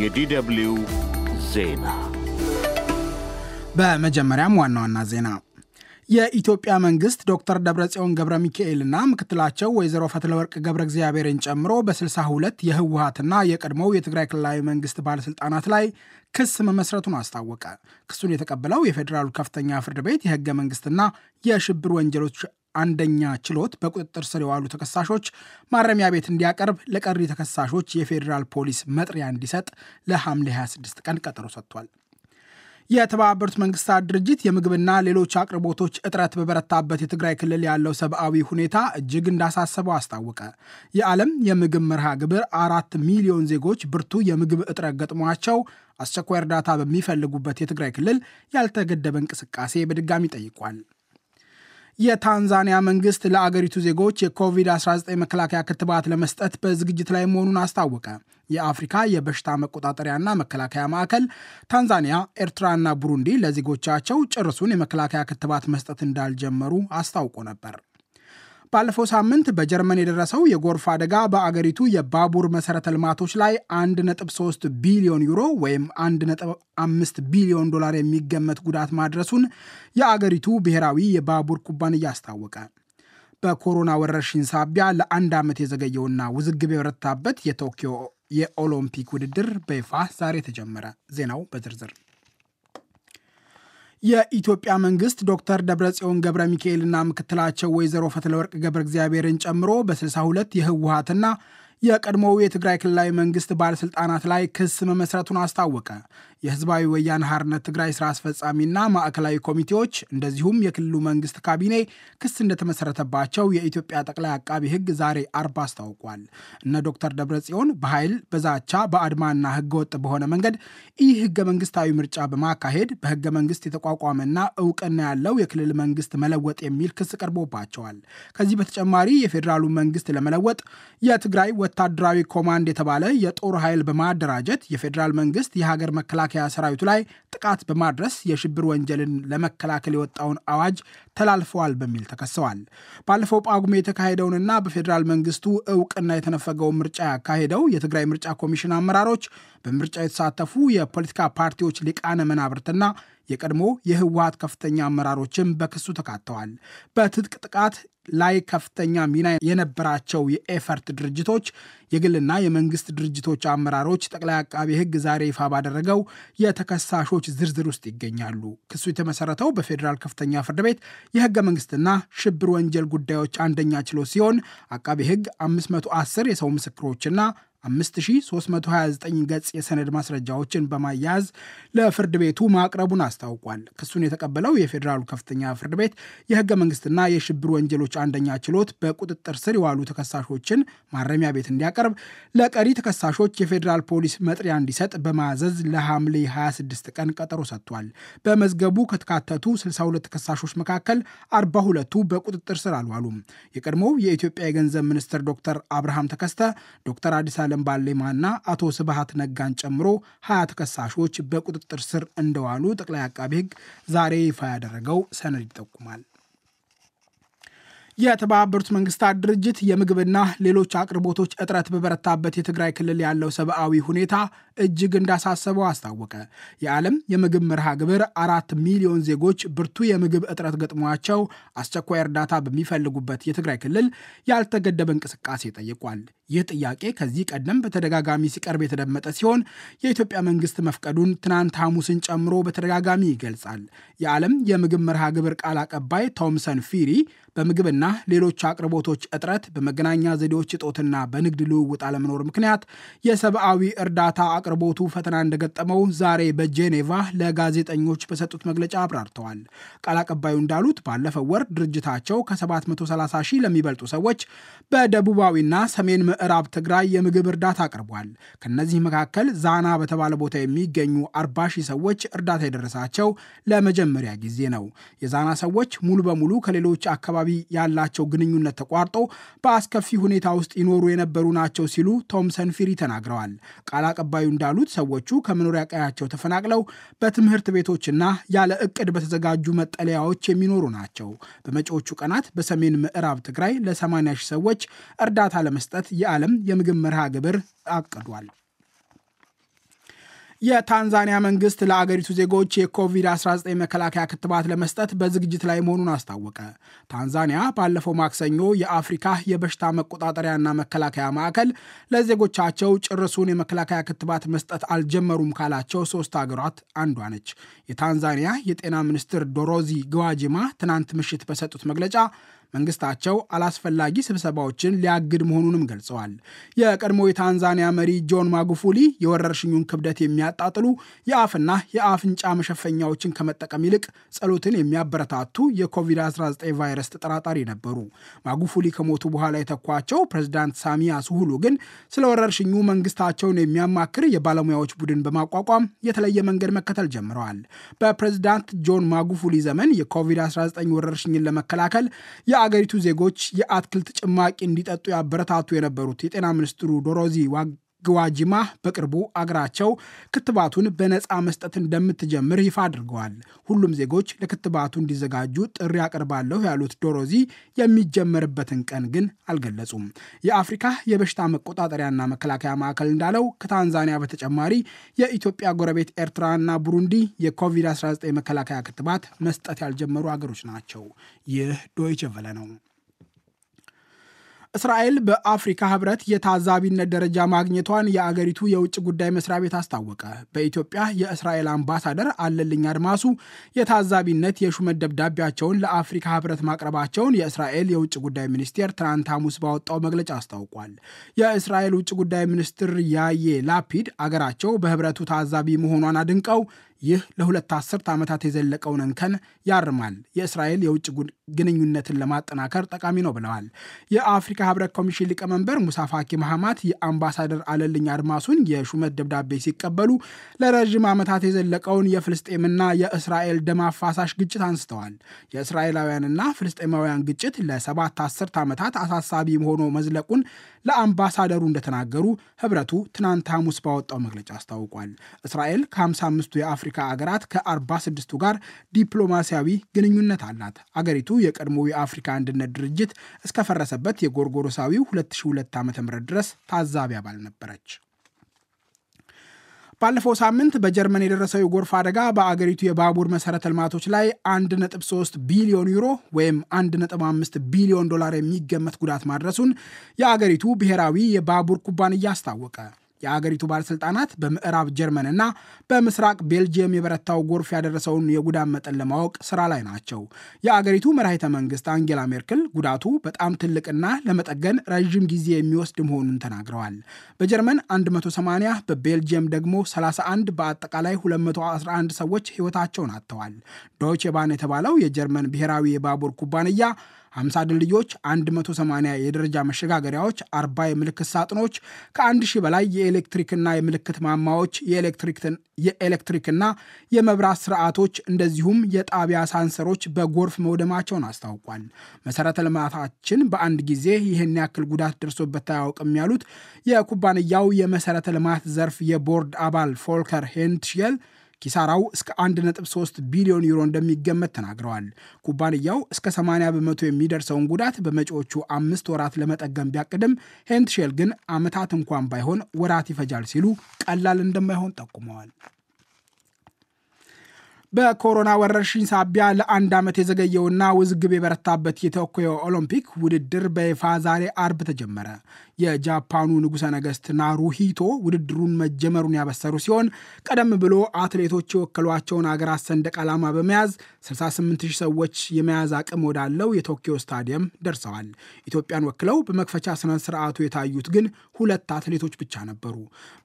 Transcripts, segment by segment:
የዲደብልዩ ዜና በመጀመሪያም ዋና ዋና ዜና የኢትዮጵያ መንግስት ዶክተር ደብረጽዮን ገብረ ሚካኤልና ምክትላቸው ወይዘሮ ፈትለወርቅ ገብረ እግዚአብሔርን ጨምሮ በ62 የህወሀትና የቀድሞው የትግራይ ክልላዊ መንግስት ባለስልጣናት ላይ ክስ መመስረቱን አስታወቀ። ክሱን የተቀበለው የፌዴራሉ ከፍተኛ ፍርድ ቤት የህገ መንግስትና የሽብር ወንጀሎች አንደኛ ችሎት በቁጥጥር ስር የዋሉ ተከሳሾች ማረሚያ ቤት እንዲያቀርብ ለቀሪ ተከሳሾች የፌዴራል ፖሊስ መጥሪያ እንዲሰጥ ለሐምሌ 26 ቀን ቀጠሮ ሰጥቷል። የተባበሩት መንግስታት ድርጅት የምግብና ሌሎች አቅርቦቶች እጥረት በበረታበት የትግራይ ክልል ያለው ሰብአዊ ሁኔታ እጅግ እንዳሳሰበው አስታወቀ። የዓለም የምግብ መርሃ ግብር አራት ሚሊዮን ዜጎች ብርቱ የምግብ እጥረት ገጥሟቸው አስቸኳይ እርዳታ በሚፈልጉበት የትግራይ ክልል ያልተገደበ እንቅስቃሴ በድጋሚ ጠይቋል። የታንዛኒያ መንግስት ለአገሪቱ ዜጎች የኮቪድ-19 መከላከያ ክትባት ለመስጠት በዝግጅት ላይ መሆኑን አስታወቀ። የአፍሪካ የበሽታ መቆጣጠሪያና መከላከያ ማዕከል ታንዛኒያ፣ ኤርትራና ቡሩንዲ ለዜጎቻቸው ጭርሱን የመከላከያ ክትባት መስጠት እንዳልጀመሩ አስታውቆ ነበር። ባለፈው ሳምንት በጀርመን የደረሰው የጎርፍ አደጋ በአገሪቱ የባቡር መሰረተ ልማቶች ላይ 1.3 ቢሊዮን ዩሮ ወይም 1.5 ቢሊዮን ዶላር የሚገመት ጉዳት ማድረሱን የአገሪቱ ብሔራዊ የባቡር ኩባንያ አስታወቀ። በኮሮና ወረርሽኝ ሳቢያ ለአንድ ዓመት የዘገየውና ውዝግብ የበረታበት የቶኪዮ የኦሎምፒክ ውድድር በይፋ ዛሬ ተጀመረ። ዜናው በዝርዝር የኢትዮጵያ መንግስት ዶክተር ደብረጽዮን ገብረ ሚካኤልና ምክትላቸው ወይዘሮ ፈትለወርቅ ገብረ እግዚአብሔርን ጨምሮ በ62 የህወሀትና የቀድሞው የትግራይ ክልላዊ መንግስት ባለሥልጣናት ላይ ክስ መመስረቱን አስታወቀ። የህዝባዊ ወያነ ሓርነት ትግራይ ስራ አስፈጻሚና ማዕከላዊ ኮሚቴዎች እንደዚሁም የክልሉ መንግስት ካቢኔ ክስ እንደተመሰረተባቸው የኢትዮጵያ ጠቅላይ አቃቢ ህግ ዛሬ አርብ አስታውቋል። እነ ዶክተር ደብረጽዮን በኃይል በዛቻ በአድማና ወጥ በሆነ መንገድ ይህ ህገ መንግስታዊ ምርጫ በማካሄድ በህገ መንግስት የተቋቋመና እውቅና ያለው የክልል መንግስት መለወጥ የሚል ክስ ቀርቦባቸዋል። ከዚህ በተጨማሪ የፌዴራሉ መንግስት ለመለወጥ የትግራይ ወታደራዊ ኮማንድ የተባለ የጦር ኃይል በማደራጀት የፌዴራል መንግስት የሀገር መከላከ መከላከያ ሰራዊቱ ላይ ጥቃት በማድረስ የሽብር ወንጀልን ለመከላከል የወጣውን አዋጅ ተላልፈዋል በሚል ተከሰዋል። ባለፈው ጳጉሜ የተካሄደውንና በፌዴራል መንግስቱ እውቅና የተነፈገውን ምርጫ ያካሄደው የትግራይ ምርጫ ኮሚሽን አመራሮች በምርጫ የተሳተፉ የፖለቲካ ፓርቲዎች ሊቃነ መናብርትና የቀድሞ የህወሀት ከፍተኛ አመራሮችም በክሱ ተካተዋል። በትጥቅ ጥቃት ላይ ከፍተኛ ሚና የነበራቸው የኤፈርት ድርጅቶች የግልና የመንግስት ድርጅቶች አመራሮች ጠቅላይ አቃቢ ህግ ዛሬ ይፋ ባደረገው የተከሳሾች ዝርዝር ውስጥ ይገኛሉ። ክሱ የተመሰረተው በፌዴራል ከፍተኛ ፍርድ ቤት የህገ መንግስትና ሽብር ወንጀል ጉዳዮች አንደኛ ችሎት ሲሆን አቃቢ ህግ 510 የሰው ምስክሮችና 5329 ገጽ የሰነድ ማስረጃዎችን በማያያዝ ለፍርድ ቤቱ ማቅረቡን አስታውቋል። ክሱን የተቀበለው የፌዴራሉ ከፍተኛ ፍርድ ቤት የህገ መንግስትና የሽብር ወንጀሎች አንደኛ ችሎት በቁጥጥር ስር የዋሉ ተከሳሾችን ማረሚያ ቤት እንዲያቀርብ፣ ለቀሪ ተከሳሾች የፌዴራል ፖሊስ መጥሪያ እንዲሰጥ በማዘዝ ለሐምሌ 26 ቀን ቀጠሮ ሰጥቷል። በመዝገቡ ከተካተቱ 62 ተከሳሾች መካከል 42ቱ በቁጥጥር ስር አልዋሉም። የቀድሞው የኢትዮጵያ የገንዘብ ሚኒስትር ዶክተር አብርሃም ተከስተ፣ ዶክተር አዲስ አለም ባሌማና አቶ ስብሃት ነጋን ጨምሮ ሀያ ተከሳሾች በቁጥጥር ስር እንደዋሉ ጠቅላይ አቃቤ ሕግ ዛሬ ይፋ ያደረገው ሰነድ ይጠቁማል። የተባበሩት መንግስታት ድርጅት የምግብና ሌሎች አቅርቦቶች እጥረት በበረታበት የትግራይ ክልል ያለው ሰብአዊ ሁኔታ እጅግ እንዳሳሰበው አስታወቀ። የዓለም የምግብ መርሃ ግብር አራት ሚሊዮን ዜጎች ብርቱ የምግብ እጥረት ገጥሟቸው አስቸኳይ እርዳታ በሚፈልጉበት የትግራይ ክልል ያልተገደበ እንቅስቃሴ ጠይቋል። ይህ ጥያቄ ከዚህ ቀደም በተደጋጋሚ ሲቀርብ የተደመጠ ሲሆን የኢትዮጵያ መንግስት መፍቀዱን ትናንት ሐሙስን ጨምሮ በተደጋጋሚ ይገልጻል። የዓለም የምግብ መርሃ ግብር ቃል አቀባይ ቶምሰን ፊሪ በምግብና ሌሎች አቅርቦቶች እጥረት፣ በመገናኛ ዘዴዎች እጦትና በንግድ ልውውጥ አለመኖር ምክንያት የሰብአዊ እርዳታ አቅርቦቱ ፈተና እንደገጠመው ዛሬ በጄኔቫ ለጋዜጠኞች በሰጡት መግለጫ አብራርተዋል። ቃል አቀባዩ እንዳሉት ባለፈው ወር ድርጅታቸው ከ730 ሺህ ለሚበልጡ ሰዎች በደቡባዊና ሰሜን ምዕራብ ትግራይ የምግብ እርዳታ አቅርቧል። ከነዚህ መካከል ዛና በተባለ ቦታ የሚገኙ 40 ሺህ ሰዎች እርዳታ የደረሳቸው ለመጀመሪያ ጊዜ ነው። የዛና ሰዎች ሙሉ በሙሉ ከሌሎች አካባቢ ያለ ያላቸው ግንኙነት ተቋርጦ በአስከፊ ሁኔታ ውስጥ ይኖሩ የነበሩ ናቸው ሲሉ ቶምሰን ፊሪ ተናግረዋል። ቃል አቀባዩ እንዳሉት ሰዎቹ ከመኖሪያ ቀያቸው ተፈናቅለው በትምህርት ቤቶችና ያለ እቅድ በተዘጋጁ መጠለያዎች የሚኖሩ ናቸው። በመጪዎቹ ቀናት በሰሜን ምዕራብ ትግራይ ለ80 ሺህ ሰዎች እርዳታ ለመስጠት የዓለም የምግብ መርሃ ግብር አቅዷል። የታንዛኒያ መንግስት ለአገሪቱ ዜጎች የኮቪድ-19 መከላከያ ክትባት ለመስጠት በዝግጅት ላይ መሆኑን አስታወቀ። ታንዛኒያ ባለፈው ማክሰኞ የአፍሪካ የበሽታ መቆጣጠሪያና መከላከያ ማዕከል ለዜጎቻቸው ጭርሱን የመከላከያ ክትባት መስጠት አልጀመሩም ካላቸው ሶስት አገሯት አንዷ ነች። የታንዛኒያ የጤና ሚኒስትር ዶሮዚ ግዋጂማ ትናንት ምሽት በሰጡት መግለጫ መንግስታቸው አላስፈላጊ ስብሰባዎችን ሊያግድ መሆኑንም ገልጸዋል። የቀድሞ የታንዛኒያ መሪ ጆን ማጉፉሊ የወረርሽኙን ክብደት የሚያጣጥሉ የአፍና የአፍንጫ መሸፈኛዎችን ከመጠቀም ይልቅ ጸሎትን የሚያበረታቱ የኮቪድ-19 ቫይረስ ተጠራጣሪ ነበሩ። ማጉፉሊ ከሞቱ በኋላ የተኳቸው ፕሬዚዳንት ሳሚያ ሱሉሁ ግን ስለ ወረርሽኙ መንግስታቸውን የሚያማክር የባለሙያዎች ቡድን በማቋቋም የተለየ መንገድ መከተል ጀምረዋል። በፕሬዚዳንት ጆን ማጉፉሊ ዘመን የኮቪድ-19 ወረርሽኝን ለመከላከል የአገሪቱ ዜጎች የአትክልት ጭማቂ እንዲጠጡ ያበረታቱ የነበሩት የጤና ሚኒስትሩ ዶሮዚ ግዋጂማ በቅርቡ አገራቸው ክትባቱን በነፃ መስጠት እንደምትጀምር ይፋ አድርገዋል። ሁሉም ዜጎች ለክትባቱ እንዲዘጋጁ ጥሪ አቀርባለሁ ያሉት ዶሮዚ የሚጀመርበትን ቀን ግን አልገለጹም። የአፍሪካ የበሽታ መቆጣጠሪያና መከላከያ ማዕከል እንዳለው ከታንዛኒያ በተጨማሪ የኢትዮጵያ ጎረቤት ኤርትራና ቡሩንዲ የኮቪድ-19 መከላከያ ክትባት መስጠት ያልጀመሩ አገሮች ናቸው። ይህ ዶይቸ ቨለ ነው። እስራኤል በአፍሪካ ህብረት የታዛቢነት ደረጃ ማግኘቷን የአገሪቱ የውጭ ጉዳይ መስሪያ ቤት አስታወቀ። በኢትዮጵያ የእስራኤል አምባሳደር አለልኝ አድማሱ የታዛቢነት የሹመት ደብዳቤያቸውን ለአፍሪካ ህብረት ማቅረባቸውን የእስራኤል የውጭ ጉዳይ ሚኒስቴር ትናንት ሐሙስ ባወጣው መግለጫ አስታውቋል። የእስራኤል ውጭ ጉዳይ ሚኒስትር ያዬ ላፒድ አገራቸው በህብረቱ ታዛቢ መሆኗን አድንቀው ይህ ለሁለት አስርት ዓመታት የዘለቀውን እንከን ያርማል፣ የእስራኤል የውጭ ግንኙነትን ለማጠናከር ጠቃሚ ነው ብለዋል። የአፍሪካ ህብረት ኮሚሽን ሊቀመንበር ሙሳ ፋኪ መሐማት የአምባሳደር አለልኝ አድማሱን የሹመት ደብዳቤ ሲቀበሉ ለረዥም ዓመታት የዘለቀውን የፍልስጤምና የእስራኤል ደም አፋሳሽ ግጭት አንስተዋል። የእስራኤላውያንና ፍልስጤማውያን ግጭት ለሰባት አስርት ዓመታት አሳሳቢ ሆኖ መዝለቁን ለአምባሳደሩ እንደተናገሩ ህብረቱ ትናንት ሐሙስ ባወጣው መግለጫ አስታውቋል። እስራኤል ከ55ቱ የአፍሪካ የአፍሪካ አገራት ከ46ቱ ጋር ዲፕሎማሲያዊ ግንኙነት አላት። አገሪቱ የቀድሞው የአፍሪካ አንድነት ድርጅት እስከፈረሰበት የጎርጎሮሳዊ 2002 ዓ ም ድረስ ታዛቢ አባል ነበረች። ባለፈው ሳምንት በጀርመን የደረሰው የጎርፍ አደጋ በአገሪቱ የባቡር መሰረተ ልማቶች ላይ 1.3 ቢሊዮን ዩሮ ወይም 1.5 ቢሊዮን ዶላር የሚገመት ጉዳት ማድረሱን የአገሪቱ ብሔራዊ የባቡር ኩባንያ አስታወቀ። የአገሪቱ ባለስልጣናት በምዕራብ ጀርመን እና በምስራቅ ቤልጅየም የበረታው ጎርፍ ያደረሰውን የጉዳት መጠን ለማወቅ ስራ ላይ ናቸው። የአገሪቱ መራሂተ መንግስት አንጌላ ሜርክል ጉዳቱ በጣም ትልቅና ለመጠገን ረዥም ጊዜ የሚወስድ መሆኑን ተናግረዋል። በጀርመን 180፣ በቤልጅየም ደግሞ 31 በአጠቃላይ 211 ሰዎች ህይወታቸውን አጥተዋል። ዶይቼ ባን የተባለው የጀርመን ብሔራዊ የባቡር ኩባንያ 50 ድልድዮች፣ 180 የደረጃ መሸጋገሪያዎች፣ 40 የምልክት ሳጥኖች፣ ከ1000 በላይ የኤሌክትሪክና የምልክት ማማዎች፣ የኤሌክትሪክና የመብራት ስርዓቶች እንደዚሁም የጣቢያ ሳንሰሮች በጎርፍ መውደማቸውን አስታውቋል። መሰረተ ልማታችን በአንድ ጊዜ ይህን ያክል ጉዳት ደርሶበት አያውቅም ያሉት የኩባንያው የመሰረተ ልማት ዘርፍ የቦርድ አባል ፎልከር ሄንትሽል ኪሳራው እስከ 1.3 ቢሊዮን ዩሮ እንደሚገመት ተናግረዋል። ኩባንያው እስከ 80 በመቶ የሚደርሰውን ጉዳት በመጪዎቹ አምስት ወራት ለመጠገም ቢያቅድም ሄንትሼል ግን ዓመታት እንኳን ባይሆን ወራት ይፈጃል ሲሉ ቀላል እንደማይሆን ጠቁመዋል። በኮሮና ወረርሽኝ ሳቢያ ለአንድ ዓመት የዘገየውና ውዝግብ የበረታበት የቶኪዮ ኦሎምፒክ ውድድር በይፋ ዛሬ አርብ ተጀመረ። የጃፓኑ ንጉሠ ነገሥት ናሩሂቶ ውድድሩን መጀመሩን ያበሰሩ ሲሆን ቀደም ብሎ አትሌቶች የወከሏቸውን አገራት ሰንደቅ ዓላማ በመያዝ 68000 ሰዎች የመያዝ አቅም ወዳለው የቶኪዮ ስታዲየም ደርሰዋል። ኢትዮጵያን ወክለው በመክፈቻ ስነ ስርዓቱ የታዩት ግን ሁለት አትሌቶች ብቻ ነበሩ።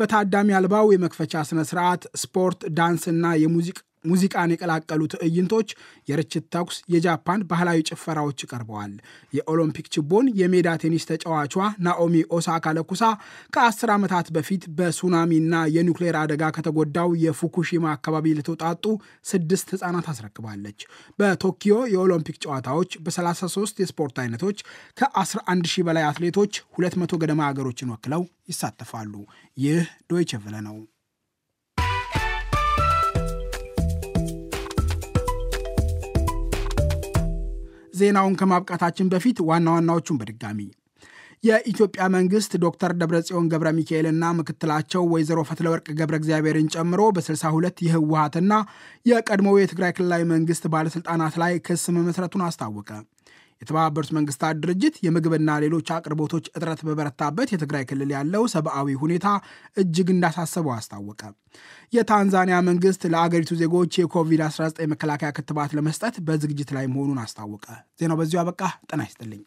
በታዳሚ አልባው የመክፈቻ ስነ ስርዓት ስፖርት፣ ዳንስ እና የሙዚቃ ሙዚቃን የቀላቀሉ ትዕይንቶች፣ የርችት ተኩስ፣ የጃፓን ባህላዊ ጭፈራዎች ቀርበዋል። የኦሎምፒክ ችቦን የሜዳ ቴኒስ ተጫዋቿ ናኦሚ ኦሳካ ለኩሳ ከአስር ዓመታት በፊት በሱናሚና የኒውክሌር አደጋ ከተጎዳው የፉኩሺማ አካባቢ ለተውጣጡ ስድስት ህፃናት አስረክባለች። በቶኪዮ የኦሎምፒክ ጨዋታዎች በ33 የስፖርት አይነቶች ከ11 ሺህ በላይ አትሌቶች 200 ገደማ ሀገሮችን ወክለው ይሳተፋሉ። ይህ ዶይቸ ቬለ ነው። ዜናውን ከማብቃታችን በፊት ዋና ዋናዎቹን በድጋሚ የኢትዮጵያ መንግስት ዶክተር ደብረጽዮን ገብረ ሚካኤልና ምክትላቸው ወይዘሮ ፈትለወርቅ ገብረ እግዚአብሔርን ጨምሮ በ62 የህወሀትና የቀድሞው የትግራይ ክልላዊ መንግስት ባለሥልጣናት ላይ ክስ መመስረቱን አስታወቀ። የተባበሩት መንግስታት ድርጅት የምግብና ሌሎች አቅርቦቶች እጥረት በበረታበት የትግራይ ክልል ያለው ሰብአዊ ሁኔታ እጅግ እንዳሳሰበው አስታወቀ። የታንዛኒያ መንግስት ለአገሪቱ ዜጎች የኮቪድ-19 መከላከያ ክትባት ለመስጠት በዝግጅት ላይ መሆኑን አስታወቀ። ዜናው በዚሁ አበቃ። ጤና ይስጥልኝ።